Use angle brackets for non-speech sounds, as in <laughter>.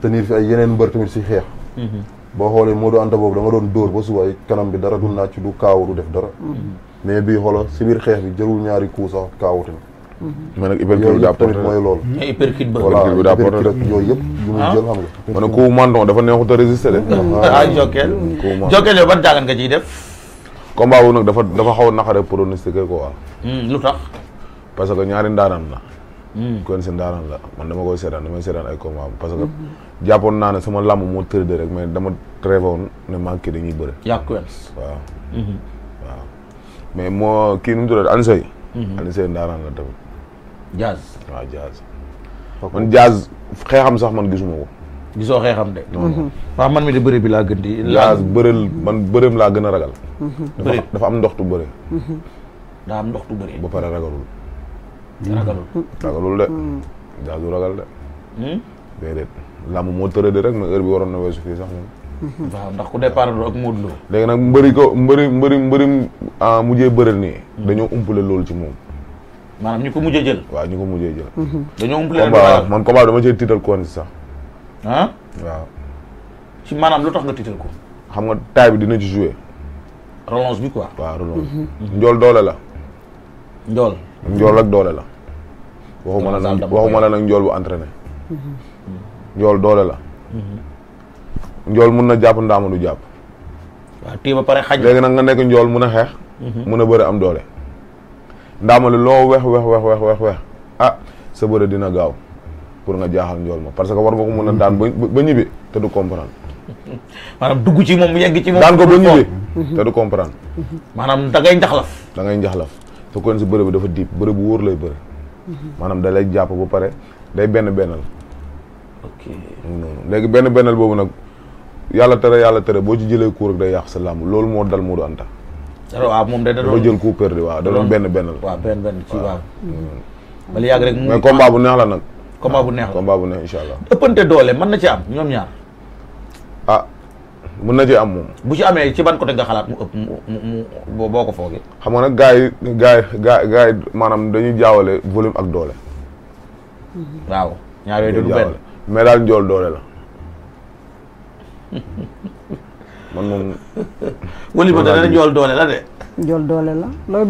tenir fi ay yeneen mbeur tamit ci si hmm bo xolé Modou Anta bobu da nga doon dóor ba way kanam bi dara na ci du kaawu du def dara. hmm mais bi xolo ci bir xex bi jarul ñaari coup sax kaawu tamit. mais nak hypercute bi daa porté tamit mooy loolu. mais hypercute ba. hypercute bi daa porté hypercute yooyu yëpp. yu muy ah. jël xam nga. man ko mandon menton dafa neexu a resister de. Mhm. Ah, ah, ah jokel jokel yo ba jàngat nga ci def. combat boobu nag dafa dafa xaw a pronostiquer pronostiqué quoi. hmm lutax parce que ñaari ndaanaan la. Mm. kon seen daanaan la man dama koy seetaan damay seetaan ay combat parce que jàppoon naa ne sama làmb moo tërëde rek mais dama rêvé woon ne manqué dañuy bëre yàquwels waaw mm-hmm. waaw mais moo kii nu mu tuddee Ansoy mm-hmm. Ansoy daanaan la tamit jazz waaw jazz man jazz xeexam sax man gisuma ko gisoo xeexam de mm-hmm. waaw man mi de bëre bi laa gën di jazz bëreel man bëreem laa gën a ragal dafa am ndoxtu bëre daa am ndoxtu bëre ba pare ragalul ragalul mm. ragalul de. Mm. Dia ragal de. Hmm? déedéet moo tëradi rek mais heure bi waroon na weesu fii sax <laughs> ndax ku départ ak Modou Lo. léegi nag mbëri ko mbëri mbëri mbëri ah mujjee bëri nii. Hmm. dañoo umpale loolu ci moom. maanaam ñu ko mujjee jël. waa ñu ko mujjee jël. Mm-hmm. dañoo umpale combat man combat dama cee tiital koon si sax. ah waaw. ci maanaam lu tax nga tiital ko. xam nga taay bi dina ci jouer. relance bi quoi. waaw mm-hmm. hmm. njool doole la. njool. njool ak doole la. waxuma la nag waxuma la nag njool bu entraîné. njool doole la. njool mun na jàpp ndaama du jàpp. waaw téye ba pare xaj. léegi nag nga nekk njool mun a xeex. Mhm. mun a bëri am doole. ndaama li loo weex weex weex weex weex ah sa bëre dina gaaw pour nga jaaxal njool ma parce que war nga ko mun a daan ba ba ñibbi te du comprendre. <laughs> maanaam dugg ci moom yegg ci moom. daan ko ba ñibbi te du comprendre. Mhm. maanaam da ngay njaxlaf. da ngay njaxlaf. fekkoon si bëre dafa diib bëre bu wóor lay bëre. Mhm. maanaam da lay jàpp ba pare day benn bennal. ok noonu benn bennal boobu nag yàlla tere yàlla tere boo ci jëlee coup rek day yàq sa làmb loolu moo dal Modou Anta. waaw moom da jël coup perdu waaw da benn bennal. waaw benn benn ci rek mu mais combat bu neex la nag. combat bu neex la combat bu neex incha allah. mën na ci am ñoom ñaar. mun na ci am moom. bu ci amee ci ban côté nga xalaat mu ëpp mu mu boo ko foogee. xam nga nag gars gaay gars yi gars maanaam dañuy jaawale volume ak doole. waaw ñaar yooyu du benn mais daal njool doole la. man moom. <laughs> wali ba dana njool doole la de. njool doole la looy